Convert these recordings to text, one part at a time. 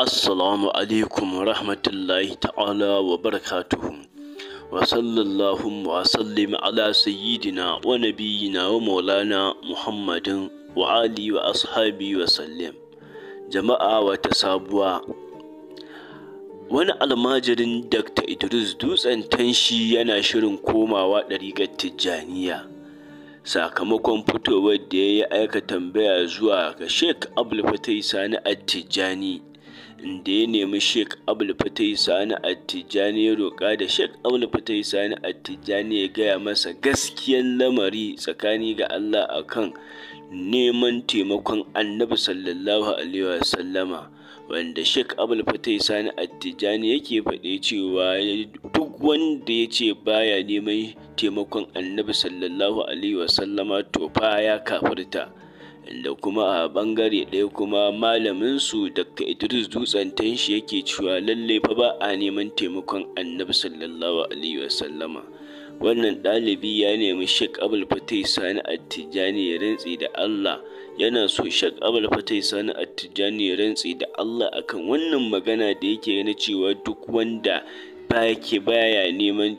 Assalamu alaikum wa rahmatullahi ta'ala wa barakatuhu wa sallallahu wa sallim ala sayyidina wa nabiyina wa maulana Muhammadin wa ali wa ashabi wa sallim jama'a wata sabuwa wani almajirin Dr. Idris Dutsen Tanshi yana shirin komawa ɗariƙar Tijjaniya sakamakon fitowar da ya yi aika tambaya zuwa ga Sheikh Abdul Sani a tijjani da ya nemi Sheikh AbulFatai Fatai Sani Attijani ya roƙa da Sheikh AbulFatai Fatai Sani Attijani ya gaya masa gaskiyan lamari tsakani ga Allah akan neman taimakon Annabi sallallahu alaihi wasallama wanda Sheikh AbulFatai Fatai Sani Attijani yake faɗe cewa duk wanda ya ce baya neman taimakon Annabi sallallahu alaihi wasallama to fa ya kafirta. da kuma a bangare ɗaya kuma malamin su Dr. Idris Dutsen tanshi yake cewa lalle fa ba a neman taimakon Annabi sallallahu alaihi wasallama wannan ɗalibi ya nemi Sheikh Abul Fatai Sani Attijani ya rantsi da Allah yana so Sheikh Abul Fatai Sani Attijani ya rantsi da Allah akan wannan magana da yake na cewa duk wanda ba yake baya neman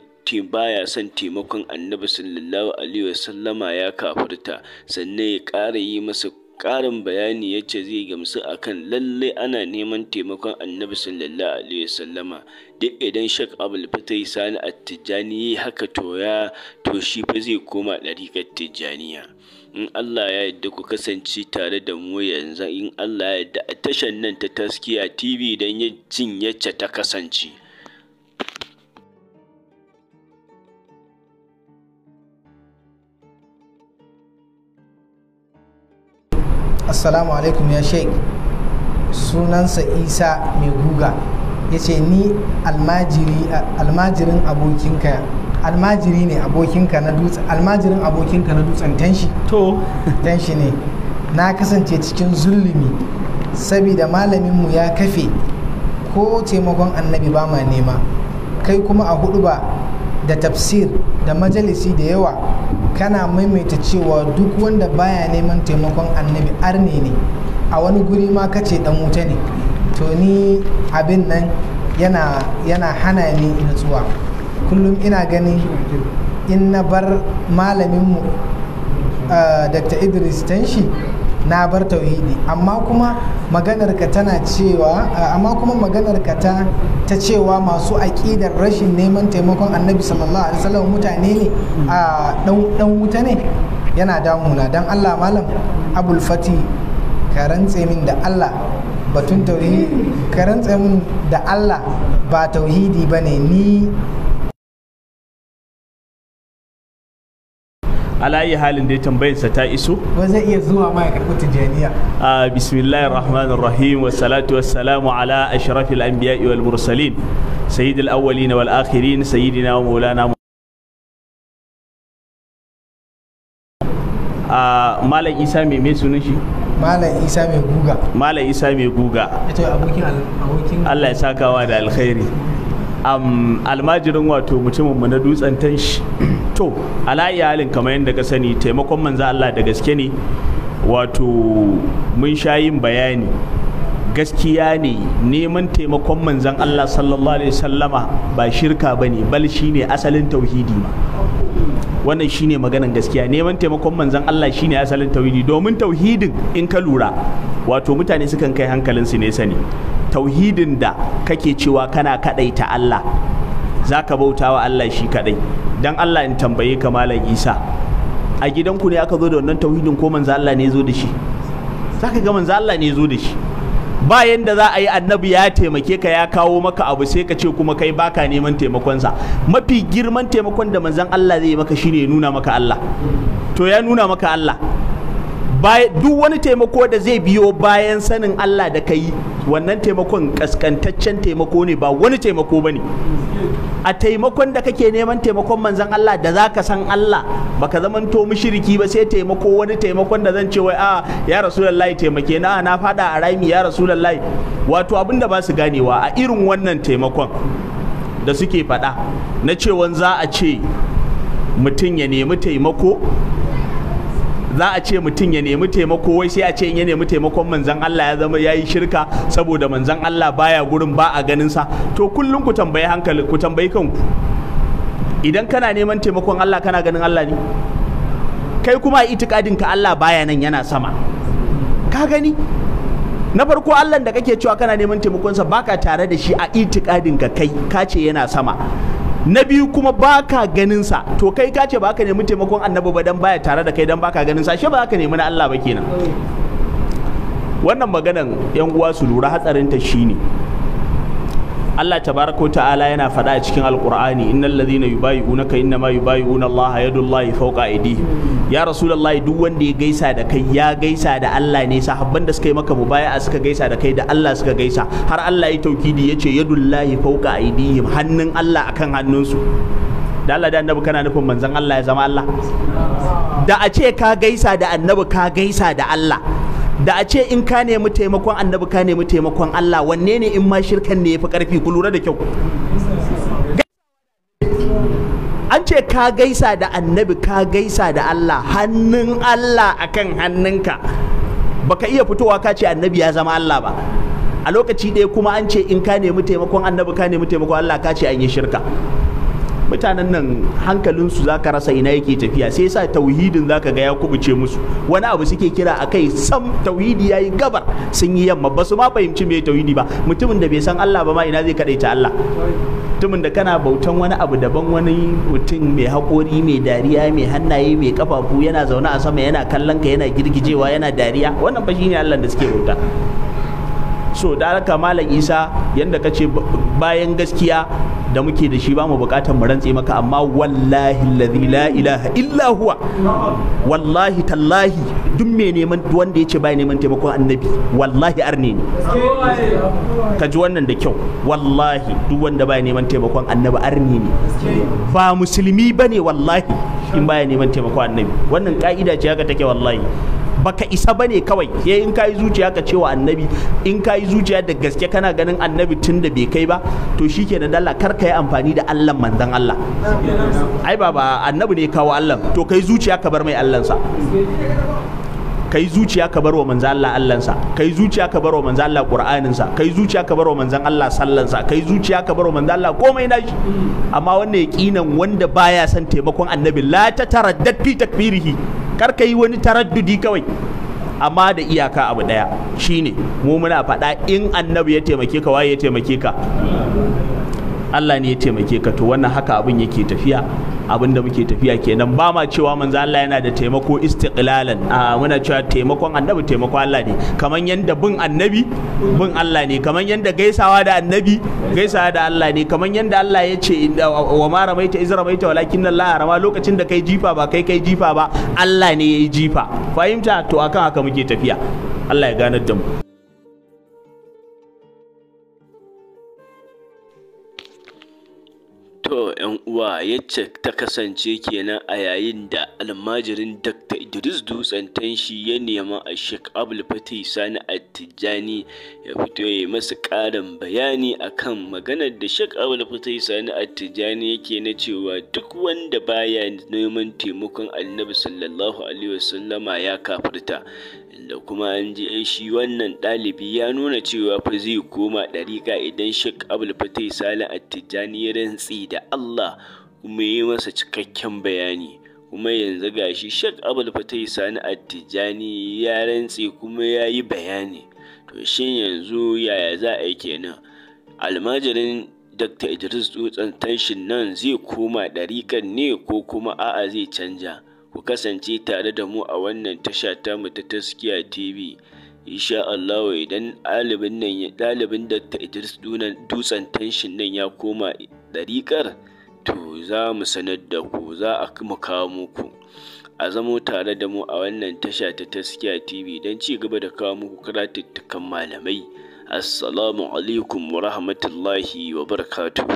baya son taimakon annabi sallallahu alaihi wasallama ya kafirta sannan ya ƙara yi masa ƙarin bayani ya ce zai gamsu a kan lalle ana neman taimakon annabi sallallahu alaihi wasallama duk idan shak abul fatai sani tijjani ya haka toya to shi fa zai koma ɗariƙar tijjaniya in allah ya yadda ku kasance tare da mu yanzu in allah ya yadda a tashan nan ta taskiya tv don yin cin yacce ta kasance assalamu alaikum ya sheik sunansa isa mai guga ya ce ni almajirin abokinka almajiri ne abokinka na dutsen almajirin abokinka na dutsen tanshi to tanshi ne na kasance cikin zulumi saboda malaminmu ya kafe ko taimakon annabi ba ma nema kai kuma a hudu ba da tafsir da majalisi da yawa kana maimaita cewa duk wanda baya neman taimakon annabi arne ne a wani guri ma kace dan wuta ne to ni abin nan yana hana ni natsuwa kullum ina ganin in na bar malaminmu eh, dr idris tanshi na bar tauhidi amma kuma maganar ka tana cewa amma kuma maganar ka ta ta cewa masu aƙidar rashin neman taimakon annabi sallallahu alaihi wasallam mutane ne a dan dan wuta ne yana damuna dan Allah malam abul fati karantse min da Allah batun tauhidi karantse min da Allah ba tauhidi bane ni alayi halin da ya sa ta iso ba zai iya zuwa ma ya karɓi tijaniya a bismillahir rahmanir rahim wassalatu salamu ala ashrafil anbiya'i wal mursalin sayyidil awwalin wal akhirin sayyidina wa maulana a malam isa mai mai sunan shi malam isa mai guga malam isa mai guga abokin abokin. Allah ya sakawa da alkhairi almajirin wato mutumin mu na dutsen tanshi to ala iyalin kamar yadda ka sani taimakon manzo Allah da gaske ne wato mun sha yin bayani gaskiya ne neman taimakon manzan Allah sallallahu alaihi sallama ba shirka ba ne bal shi ne asalin tauhidi ma wannan shi ne maganan gaskiya neman taimakon manzan Allah shi ne asalin tauhidi domin tauhidin in ka lura wato mutane sukan kai hankalinsu su sani tauhidin da kake cewa kana kaɗaita Allah za ka bauta wa Allah shi kaɗai dan Allah in tambaye ka malam Isa a gidanku ne aka zo da wannan tauhidin ko manzo Allah ne zo da shi zaka ga manzo Allah ne zo da shi ba yanda za a yi annabi ya taimake ka ya kawo maka abu sai ka ce kuma kai baka neman taimakonsa mafi girman taimakon da manzon Allah zai yi maka shine ya nuna maka Allah to ya nuna maka Allah duk wani taimako da zai biyo bayan sanin Allah da kai wannan taimakon kaskantaccen taimako ne ba wani taimako bane a taimakon da kake neman taimakon manzan Allah da za ka san Allah baka zaman to mushiriki ba sai taimako wani taimakon da zan ce wai a ah, ya rasulullahi taimake ah, na na fada a raimi ya rasulullahi wato abin da ba su ganewa a irin wannan taimakon da suke faɗa na cewan za a ce mutum ya nemi taimako za a ce mutum ya nemi taimako wai sai a ce in ya nemi taimakon manzan Allah ya zama yayi shirka saboda manzan Allah baya gurin ba a ganin sa to kullum ku tambayi hankali ku tambayi kanku idan kana neman taimakon Allah kana ganin Allah ne kai kuma itikadin ka Allah baya nan yana sama ka gani na farko Allah da kake cewa kana neman taimakon sa baka tare da shi a itikadin ka kai ka ce yana sama na biyu kuma baka ganin sa to kai ka ce baka nemi taimakon annabi ba dan baya tare da kai dan baka ganin sa shi ba ka nemi na Allah ba kenan wannan maganan yan uwa su lura hatsarin ta shine Allah tabaraka ta'ala yana faɗa a cikin alkur'ani innal ladhina yubayyi'unaka innama yubayyi'una Allah yadullahi fawqa aydihim ya rasulullahi duk wanda ya gaisa da kai ya gaisa da Allah ne sahabban da suka yi maka mubaya'a suka gaisa da kai da Allah suka gaisa har Allah ya taukidi yace yadullahi fawqa aydihim hannun Allah akan hannunsu da Allah da annabi kana nufin manzon Allah ya zama Allah da a ce ka gaisa da annabi ka gaisa da Allah da a ce in ka nemi taimakon annabi ka nemi taimakon Allah wanne ne in ma shirkan ne yafi karfi ku lura da kyau an ce ka gaisa da annabi ka gaisa da Allah hannun Allah akan hannunka baka iya fitowa ka ce annabi ya zama Allah ba a lokaci ɗaya kuma an ce in ka nemi taimakon annabi ka nemi taimakon Allah ka ce an yi shirka mutanen nan hankalinsu za ka rasa ina yake tafiya sai sa tauhidin za ka ga ya kubuce musu wani abu suke kira a kai sam tauhidi ya yi gabar sun yi yamma ba su ma fahimci me tauhidi ba mutumin da bai san Allah ba ma ina zai kaɗaita Allah mutumin da kana bautan wani abu daban wani mutum mai haƙori mai dariya mai hannaye mai kafafu yana zaune a sama yana kallon ka yana girgijewa yana dariya wannan fa shine Allah da suke bauta so da haka malam Isa yanda kace bayan gaskiya da muke da shi ba mu bukatar mu rantse maka amma wallahi alladhi la ilaha illa huwa wallahi tallahi duk mai neman wanda ya ce bai neman taimakon annabi wallahi arne ne ka ji wannan da kyau wallahi duk wanda bai neman taimakon annabi arne ne ba musulmi bane wallahi in baya neman taimakon annabi wannan ka'ida ce haka take wallahi baka isa bane kawai ya in yi zuciya ka cewa annabi in ka yi zuciya da gaske kana ganin annabi tun da bai kai ba to shi shikenan dala kar ka yi amfani da Allah manzan Allah ai ba annabi ne kawo Allah to ka yi zuciya ka bar mai allansa, ka yi zuciya ka bar wa manzan Allah allansa, ka yi zuciya ka bar wa manzan Allah Qur'aninsa yi zuciya ka bar wa manzan Allah sallansa ka yi zuciya ka bar wa manzan Allah komai nashi amma wannan yaqinan wanda baya son taimakon annabi la ta tara fi takfirihi kar ka yi wani taraddudi kawai amma da iyaka abu daya shine mu muna faɗa in annabi ya taimake ka waye ya taimake ka Allah ne ya taimake ka to wannan haka abin yake tafiya abin da muke tafiya kenan ba ma cewa manzo Allah yana da taimako istiqlalan a muna cewa taimakon annabi taimako Allah ne kaman yanda bin annabi bin Allah ne kaman yanda gaisawa da annabi gaisawa da Allah ne kaman yanda Allah ya ce wa ma ramaita iz ramaita walakin Allah rama lokacin da kai jifa ba kai kai jifa ba Allah ne yayi jifa fahimta to akan haka muke tafiya Allah ya ganar da mu To ‘yan uwa yacce ta kasance kenan a yayin da almajirin Dr. Idris Dutsen Tanshi ya nema a Sheikh Abdul Fatih Sani Attijani ya fito ya masa ƙarin bayani akan maganar da Sheikh Abdul Fatih Sani Attijani yake na cewa duk wanda baya neman taimakon Annabi sallallahu alaihi wasallama ya kafirta. Inda kuma an ji shi wannan ɗalibi ya nuna cewa fa zai koma ɗariƙa idan Sheikh Abul Fatai Salih Attijani ya rantsi da Allah kuma yi masa cikakken bayani kuma yanzu gashi Sheikh Abul Fatai Sani Attijani ya rantsi kuma ya yi bayani to shi yanzu yaya za a yi kenan almajirin Dr. Idris Tsotsan tanshin nan zai koma ɗariƙan ne ko kuma a'a zai canja. ku kasance tare da mu a wannan tasha mu ta taskiya tv insha Allah idan ɗalibin nan ɗalibin da ta Idris dutsen tension nan ya koma ɗariƙar to za mu sanar da ku za a kuma kawo muku a zamo tare da mu a wannan tasha ta taskiya tv don ci gaba da kawo muku karatuttukan malamai assalamu alaikum wa rahmatullahi wa barakatuhu